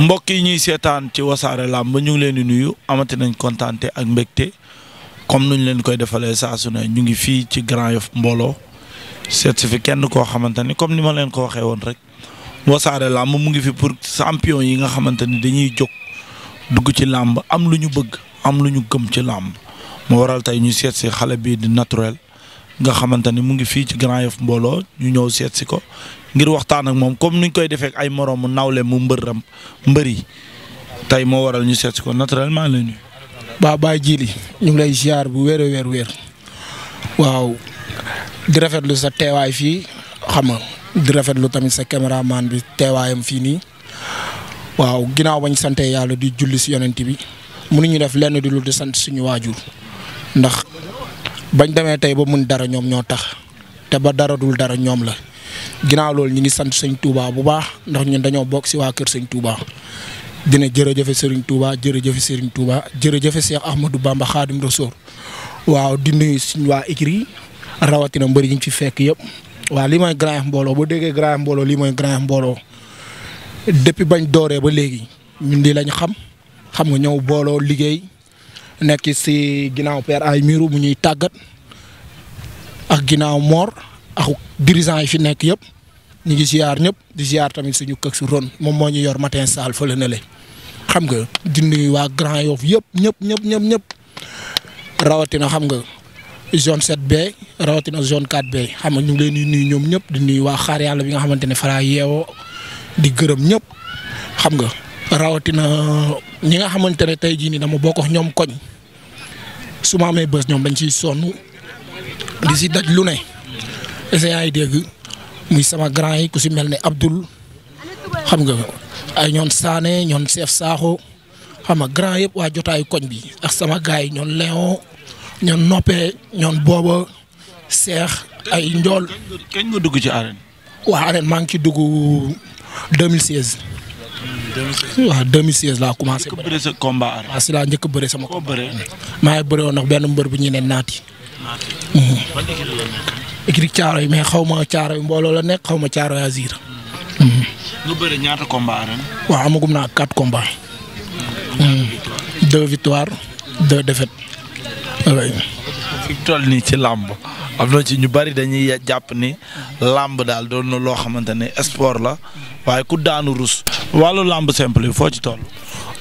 mbokk yi ñuy seetaan ci wasaare làmb ñu ngi leen di nuyu amati nañ kontaan ak mbégte comme nuñ leen koy defalee saa su ne ñu ngi fii ci Grand Yoff mbooloo seet si fi kenn koo xamante ni comme ni ma leen ko waxee woon rek wasaare làmb mu ngi fi pour champion yi nga xamante ni dañuy jog dugg ci làmb am lu ñu bëgg am lu ñu gëm ci làmb moo waral tey ñu seet si xale bii di naturel nga xamante ni mu ngi fii ci Grand Yoff mbooloo ñu ñëw seet si ko ngir waxtaan ak moom comme niñ koy defee ay mu nawle mu mbërram mbëri tey moo waral ñu seet si ko naturellement la ñu. ba Baye Djili ñu ngi lay ziar bu wéer a wéer waaw di rafetlu sa teewaay fii xam nga di rafetlu tamit sa caméraman bi teewaayam fii nii waaw ginnaaw bañ sante yàlla di julli si yonent bi ñu def lenn di lu di sant suñu waajur ndax bañ demee tey ba mun dara ñoom ñoo tax te ba dara dul dara ñoom la ginnaaw loolu ñu ngi sant sëñ Touba bu baax ndax ñu ñun dañoo bokk si waa kër sëñ Touba. dina jërëjëfe Serigne Touba jërëjëfe Serigne Touba jërëjëfe Cheikh Ahmadou Bamba Khadim Rassoul waaw di nuyu suñ waa écrit rawatina mbëri yi ñu ci fekk yëpp waa lii mooy Grand Yoff mbooloo ba déggee Grand Yoff mbooloo lii mooy Grand Yoff mbooloo depuis bañ dooree ba léegi ñun lii lañ xam xam nga ñëw booloo liggéey nekk si ginnaaw père ay miiru mu ñuy tàggat ak ginnaaw moor ak dirigeant yi fi nekk yëpp ñu ngi ziar ñëpp di ziar tamit suñu kër si ron moom moo ñu yor matin saal fële na le xam nga dindi waa Grand Yoff yëpp ñëpp ñëpp ñëpp ñëpp rawatina xam nga zone 7B rawatina zone 4B xam nga ñu ngi leen di nuyu ñoom ñëpp di waa xaar yàlla bi nga xamante ne faraa yeewoo di gërëm ñëpp xam nga. rawatina ñi nga xamante ne tey jii nii dama bokk ñoom koñ su ma amee bës ñoom dañ ciy sonn di si daj lu ne. essayant yi dégg muy sama grand yi ku si mel ne Abdoul xam nga ay ñoon Sané ñoon Chef Sakho xam nga grand yëpp waa jotaayu koñ bi ak sama gars yi ñoon Léon ñoon Noppee ñoon Booba Seex ay Njool. kañ nga dugg ci arène. waa arène maa ngi ci dugg 2016. 2016 waaw 2016 laa commencé. njëkk bëre sa combat si laa njëkk bëre sama. koo bëree bëre woon nag benn mbër bu ñuy ne naati. naati. Mhm. caaro yi mais xaw ma caaro yi mbooloo la nekk xaw ma caaro yi azir. Hmm. Mhm. ñaata combat arène. waaw amagum naa quatre combats. Hmm. Hmm. deux victoires deux défaites. fi mu nii ci làmb. am na ci ñu bari dañuy jàpp ni làmb daal doon na loo xamante ne sport la waaye ku daanu rus wàllu làmb simple bi foo ci toll.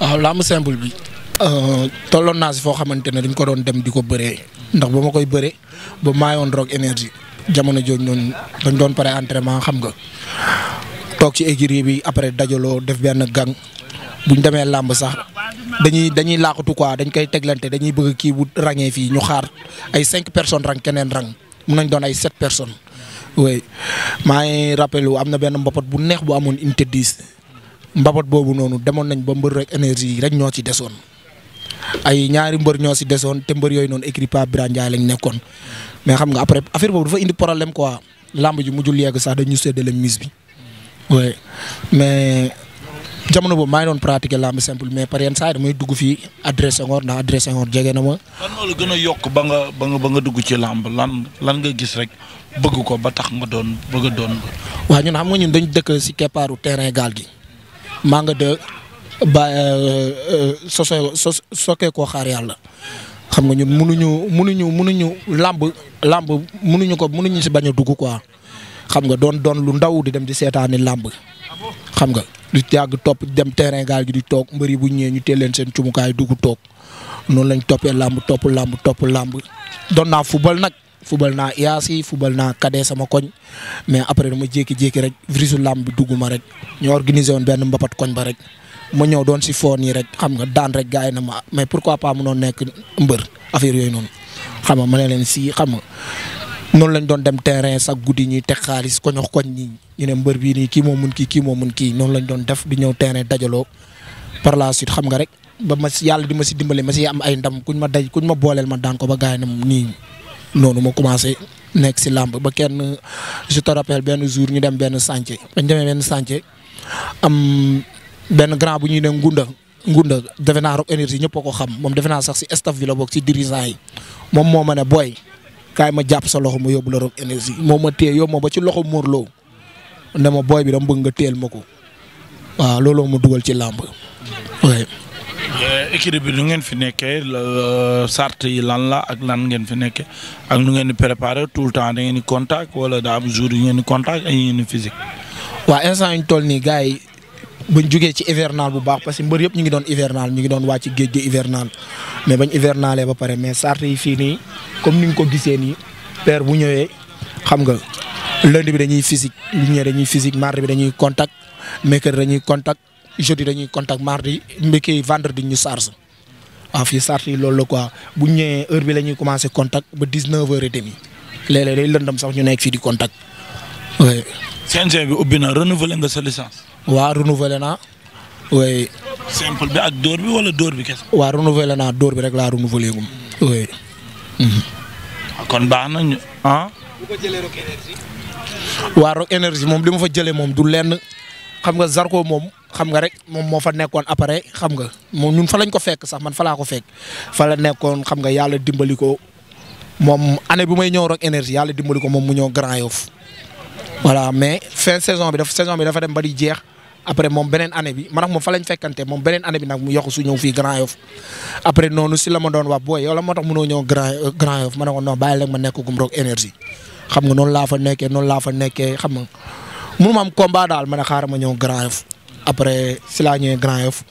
waaw ah, làmb simple bi. Euh, tolloon naa si foo xamante ne dañ ko doon dem di ko bëree ndax ba ma koy bëree ba maayoon roog énergie jamono jooju noonu dañ doon pare entraînement xam nga toog ci écurie bi après dajaloo def benn gang buñ demee làmb sax dañuy dañuy laaxatu quoi dañ koy teglante dañuy bëgg kii bu ràññee fii ñu xaar ay cinq personnes rang keneen rang mun nañ doon ay sept personnes oui maa ngi rappelé am na benn mbapat bu neex bu amoon unité 10 mbapat boobu noonu demoon nañ ba mbër rek énergie rek ñoo ci desoon ay ñaari mbër ñoo ci desoon te mbër yooyu noonu écrit pas Birane Ndiaye nekkoon mais xam nga après affaire boobu dafa indi problème quoi lamb ji mujjul yegg sax dañu séddale mise bi oui mais. jamono boobu maa ngi doon pratiquer lamb simple mais par yenn saa dugg fii adresse ngoor ndax adresse ngoor jege na ma. lan moo gën a yokk ba nga ba nga nga dugg ci lamb lan lan nga gis rek bëgg ko ba tax nga doon bëgg a doon. waaw ñun xam nga ñun dañ dëkk si keppaaru terrain gaal gi nga de ba euh, euh, sos sokee koo xaar yàlla xam nga ñun munuñu munuñu munuñu lamb lamb munuñu ko munuñu si bañ a dugg quoi xam nga doon doon lu ndaw di dem di seetaani lamb xam nga. di yàgg topp dem terrain gaal di toog mbëri bu ñëwee ñu teel leen seen cumukaay duggu toog noonu lañ toppee lamb topp lamb topp lamb doon naa football nag football naa Iyaasi football naa Kadee sama koñ mais après ma jékki-jékki rek virusu làmb bi dugg ma rek ñu organisé woon benn mbapat koñ ba rek ma ñëw doon si foon yi rek xam nga daan rek gars na ma mais pourquoi pas mënoon nekk mbër affaire yooyu noonu xam nga ma ne leen si xam nga noonu lañ doon dem terrain sax guddi ñuy teg xaalis koñox koñ ñi ne mbër bii nii kii moom mun kii kii moo mun kii noonu lañ doon def di ñëw terrain dajaloo par la suite xam nga rek ba ma yàlla di ma si dimbale ma si am ay ndam kuñ ma daj kuñ ma booleel ma daan ko ba gaay na nii noonu ma commencé nekk si làmb ba kenn je te rappelle benn jour ñu dem benn chantier bañ demee benn chantier am benn grand bu ñuy ne ngunda ngunda defe naa Rock Énergie ñëpp ko xam moom defe sax si staff bi la bokk yi moom moo ma ne booy kaay ma jàpp sa loxo ma yóbbu la Rock Énergie moom ma téye yóbbu ma ba ci loxo Morlo ne ma booy bi dama bëgg nga téyel ma ko waaw looloo ma dugal ci làmb waaye. Euh, équipe bi nu ngeen fi nekkee sart euh, yi lan la ak lan ngeen fi nekke ak nu ngeen di préparer tout le temps da ngeen di contact wala daa am jour yi ngeen di contact ay ngeen di waaw instant yi ñu nii gars bañ jugee ci hivernal bu baax parce que mbër yëpp ñu ngi doon hivernal ñu ngi doon wàcc géej gi hivernal mais bañ hivernalee ba pare mais sart yi fii nii comme ni nga ko gisee nii père bu ñëwee xam nga lundi bi dañuy physique bu ñëwee dañuy physique mardi bi dañuy contact mercredi dañuy contact jeudi dañuy contact mardi mbékki vendredi ñu charge waaw ah, fii sart yi loolu la quoi bu ñëwee heure bi lañuy ñuy commencé contact ba dix-neuf heures et demie léeg-léeg day lëndam sax ñu nekk fii di contact. CNG bi ubbi na renouveler nga sa licence. waa renouvelé naa. oui. simple ak dóor bi wala dóor bi kese. waa renouvelé naa dóor bi rek laa renouvelé gum. Mm-hmm. kon baax na ñu ah. waa Rock Énergie moom li ma fa jëlee moom du lenn xam nga Zarko moom xam nga rek moom moo fa nekkoon après xam nga moom ñun fa lañ ko fekk sax man fa laa ko fekk fa la nekkoon xam nga yàlla dimbali ko moom année bi may ñëw Rock Énergie yàlla dimbali ko moom mu ñëw Grand Yoff voilà mais fin saison bi dafa saison bi dafa ba di jeex après moom beneen année bi man ak moom fa lañ fekkante moom beneen année bi nag mu yokk su ñëw Grand Yoff après noonu si la ma doon wax booy yow la moo tax mënoo ñëw Grand euh, Grand Yoff ma ne ko non bàyyi leen ma nekk Gumroog énergie xam nga noonu laa fa nekkee noonu laa fa nekkee xam nga mënu ma am combat daal ma ne xaaral ma ñëw Grand Yoff après si laa ñëwee Grand Yoff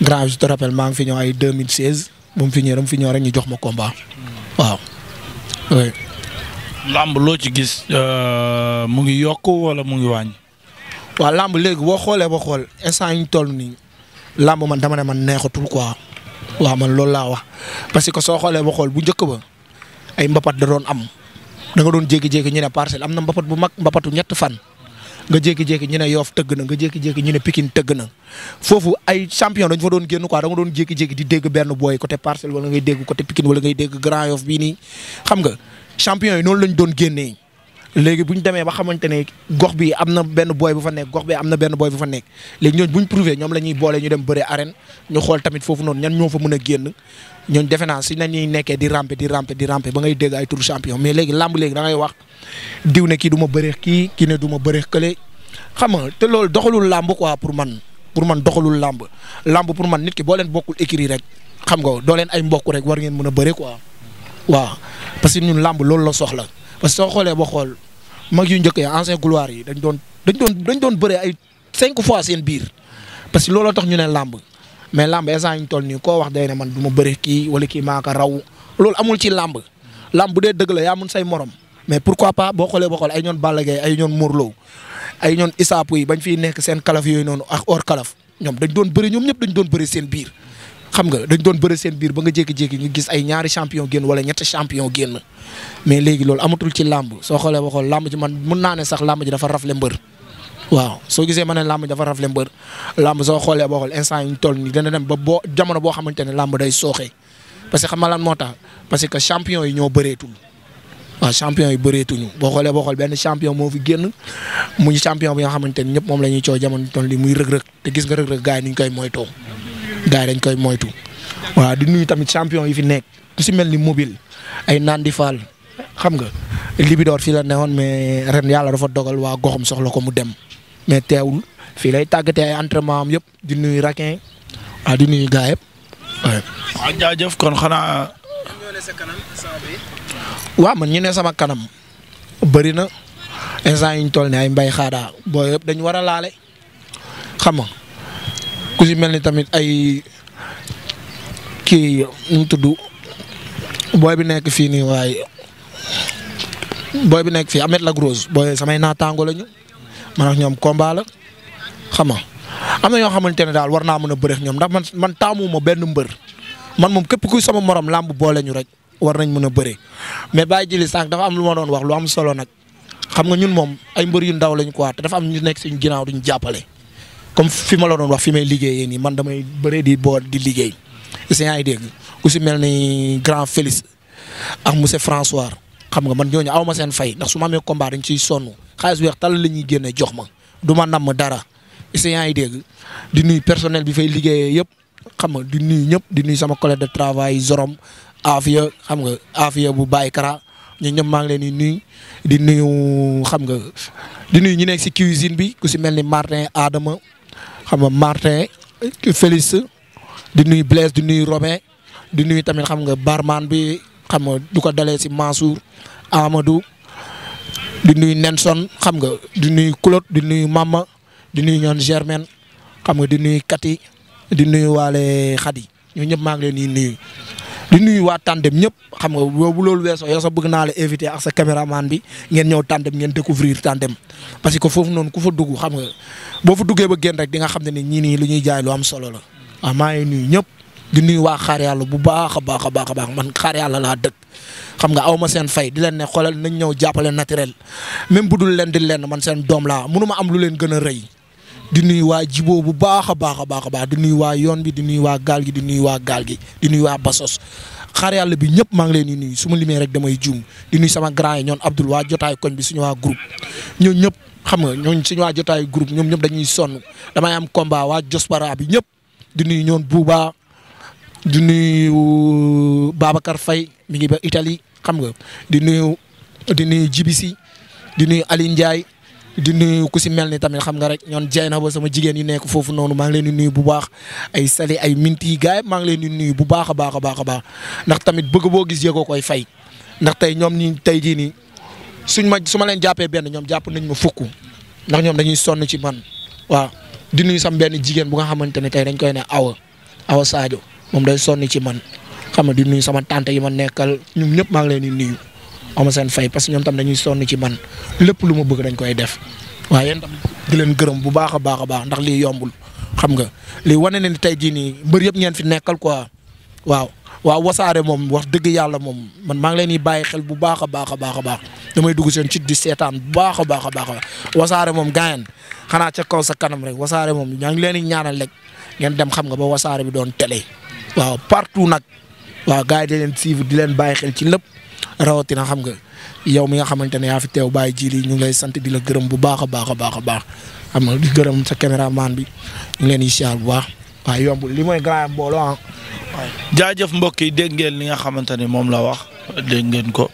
Grand Yoff je te rappelle maa ngi fi ñëw ay 2016 ba mu fi ñëw rek mu fi ñëw rek ñu jox ma combat waaw. làmb loo ci gis euh, mu ngi yokk wala mu ngi wàññi. waaw làmb léegi boo xoolee boo xool instant yi ñu nii làmb man dama ne man neexatul quoi waa man loolu laa wax parce que soo xoolee boo xool bu njëkk ba ay mbapat da doon am da nga doon jékki-jékki ñu ne parcelle am na mbapat bu mag mbapatu ñett fan. nga jékki-jékki ñu ne yoof tëgg na nga jékki-jékki ñu ne Pikine tëgg na foofu ay champion dañu fa doon génn quoi da doon jékki-jékki di dégg benn booy côté parcelle wala ngay dégg côté Pikine ngay dégg Grand Yoff nii xam nga. champion yi noonu lañ doon génnee léegi bu ñu demee ba xamante ne gox bi am na benn booy bu fa nekk gox bi am na benn booy bu fa nekk léegi ñooñu bu ñu ñoom lañuy ñuy boole ñu dem bëre arène ñu xool tamit foofu noonu ñan ñoo fa mën a génn ñooñu defe naa si nañuy nekkee di rampe di rampe di rampe ba ngay dégg ay turu champion mais léegi làmb léegi da wax diw ne kii duma ma kii kii ne du ma bëreex kële xam nga te loolu doxalul làmb quoi pour man pour man doxalul làmb làmb pour man nit ki boo leen bokkul écrit rek xam nga doo leen ay mbokk rek war ngeen mën a bëre quoi waaw parce que ñun làmb loolu la soxla parce que soo xoolee ba xool mag yu njëkk ya ancien gloire yi dañ doon dañ doon dañ doon bëree ay cinq fois seen biir parce que looloo tax ñu ne làmb mais làmb instant ñu toll nii koo wax day ne man du ma bëri kii wala kii maa ko raw loolu amul ci làmb làmb bu dee dëgg la yaa mun say morom mais pourquoi pas boo xoolee boo xoolee ay ñoon Balla Gaye ay ñoon Modou Lo ay ñoon isaapu yi bañ fi nekk seen kalaf yooyu noonu ak or kalaf ñoom dañ doon bëri ñoom ñëpp dañ doon bëri seen biir xam nga dañ doon bëre seen biir ba nga jékki-jékki nga gis ay ñaari champion génn wala ñetti champion génn mais léegi loolu amatul ci làmb soo xoolee ba xool làmb ji man ne sax làmb dafa rafle mbër waaw soo gisee ma ne làmb dafa rafle mbër làmb soo xoolee boo xool instant yi ñu toll nii dana dem ba boo jamono boo xamante ne làmb day sooxee parce que xam nga moo tax parce que champion yi ñoo bëreetul waaw yi bëreetuñu boo xoolee boo xool benn champion moo génn muy bi nga xamante ne ñëpp moom la ñuy coow jamono toll nii muy rëg-rëg te gis nga rëg-rëg gars ni ñu koy moytoo gars yi dañ koy moytu waaw di nuyu tamit champion yi fi nekk ku si mel ni mobile ay naan faal xam nga libidoor fii la newoon mais ren yàlla dafa dogal waa goxam soxla ko mu dem mais teewul fii lay tàggatee ay entraînement am yëpp di nuyu raquin waaw di nuyu gars yëpp waaw jaajëf kon xanaa. waaw man ñu ne sama kanam bëri na instant yi ñu toll ne ay mbay xaadaa booy yëpp dañu war a laale xam ku si mel ni tamit ay kii nu mu tudd booy bi nekk fii nii waaye booy bi nekk fii Ameth Lagrosse booy samay naataango lañu man ak ñoom kombaala la xam nga am na ñoo xamante ne daal war naa mën a bëreex ñoom ndax man man taamuma benn mbër man moom képp kuy sama morom làmb boole ñu rek war nañ mën a bëree mais bàyyi jili sànq dafa am lu ma doon wax lu am solo nag xam nga ñun moom ay mbër yu ndaw lañu quoi te dafa am ñu nekk suñu ginnaaw duñ jàppale. comme fi ma la doon wax fi may liggéeye nii man damay bëre di bool di liggéey si yaa ngi dégg ku si mel ni grand Félix ak monsieur François xam nga man ñooñu aw seen fay ndax su ma amee combat dañ ciy xaalis weex tal la ñuy génne jox ma du ma namm dara si ngi dégg di nuy personnel bi fay liggéeyee yëpp xam nga di ñëpp di nuy sama collègue de travail Zorom Afia xam nga Afia bu Baye Kara ñun ñëpp maa ngi leen di nuyu di nuyu xam nga di nuyu ñu nekk si cuisine bi ku si mel ni Martin Adama. xam nga Martin Félix di nuy Blaise di nuy Robin di nuy tamit xam nga barman bi xam nga du ko dalee si Mansour Amadou di nuy Nelson xam nga di nuy Claude di nuy Mama di nuy ñoon germain xam nga di nuy Kati di nuy waale Khady ñoo ñëpp maa ngi leen di nuyu di nuyu waa tandem ñëpp xam nga boobu loolu weesoo yow sax bëgg naa la invité ak sa caméraman bi ngeen ñëw tandem ngeen découvrir tandem parce que foofu noonu ku fa dugg xam nga boo fa duggee ba génn rek di nga xam ne ni ñii nii lu ñuy jaay lu am solo la waaw ah, maa ngi nuyu ñëpp di nuyu waa xaar yàlla bu baax a baax a baax man xaar yàlla laa dëkk xam nga aw seen fay di leen ne xoolal nañ ñëw jàppale naturel même bu dul leen di leen man seen doom laa mënu am lu leen gën rëy di nuyu waa jiboo bu baax a baax a baax a baax di nuyu waa yoon bi di nuyu waa gaal gi di nuyu waa gaal gi di waa basos xaar yàlla bi ñëpp maa ngi leen di nuyu su limee rek damay juum di sama grand yi ñoon Abdoul waa jotaay koñ bi suñu waa groupe ñoom ñëpp xam nga ñooñ suñu waa jotaayu groupe ñoom ñëpp dañuy sonn damay am combat waa jospara bi ñëpp di nuyu ñoon Buuba di nuyu Babacar Faye mi ngi ba itali xam nga di nuyu di nuyu Jibisi di nuyu Aline Ndiaye di nuyu ku si mel ni tamit xam nga rek ñoon jaay na ba sama jigéen yu nekk foofu noonu maa ngi leen di nuyu bu baax ay sali ay minti gaay maa ngi leen di nuyu bu baax a baax a baax ndax tamit bëgg boo gis yëgoo koy fay ndax tey ñoom ñi tey jii nii suñ ma su ma leen jàppee benn ñoom jàpp nañ ma fukk ndax ñoom dañuy sonn ci man waaw di nuyu sam benn jigéen bu nga xamante ne tey dañ koy ne awa awa Sadio moom day sonn ci man xam nga di nuyu sama tante yi ma nekkal ñoom ñëpp maa ngi leen di nuyu ama seen fay parce que ñoom tam dañuy sonn ci man lépp lu ma bëgg dañ koy def waaye yen tam di leen gërëm bu baax a baax a baax ndax li yombul xam nga lii wane ne ni tey jii nii mbër yëpp ngeen fi nekkal ko waaw waaw wasaare moom wax dëgg yàlla moom man maa ngi leen di bàyyi xel bu baax baax a baax a baax damay dugg seen ci di seetaan bu baax a baax a baax wasaare moom gaayen xanaa ca kaw sa kanam rek wasaare moom ñaa ngi leen di ñaanal rek ngeen dem xam nga ba wasaare bi doon télé waaw partout nag waaw gars yi di leen suivre di leen bàyyi xel ci lépp rawatina xam nga yow mi nga xamante ne yaa fi teew bàyyi ji lii ñu ngi lay sant di la gërëm bu baax a baax a baax a baax xam nga di gërëm sa caméraman bi ñu leen incha bu baax waaw yombul li mooy grand mbooloo ah. jaajëf mbokk yi dégg ngeen li nga xamante ne moom la wax dégg ngeen ko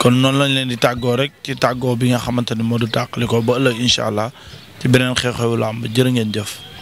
kon noonu lañ leen di tàggoo rek ci tàggoo bi nga xamante ne moo du tàqali ko ba ëllëg incha allah ci beneen xew xew làmb jërë ngeen jëf.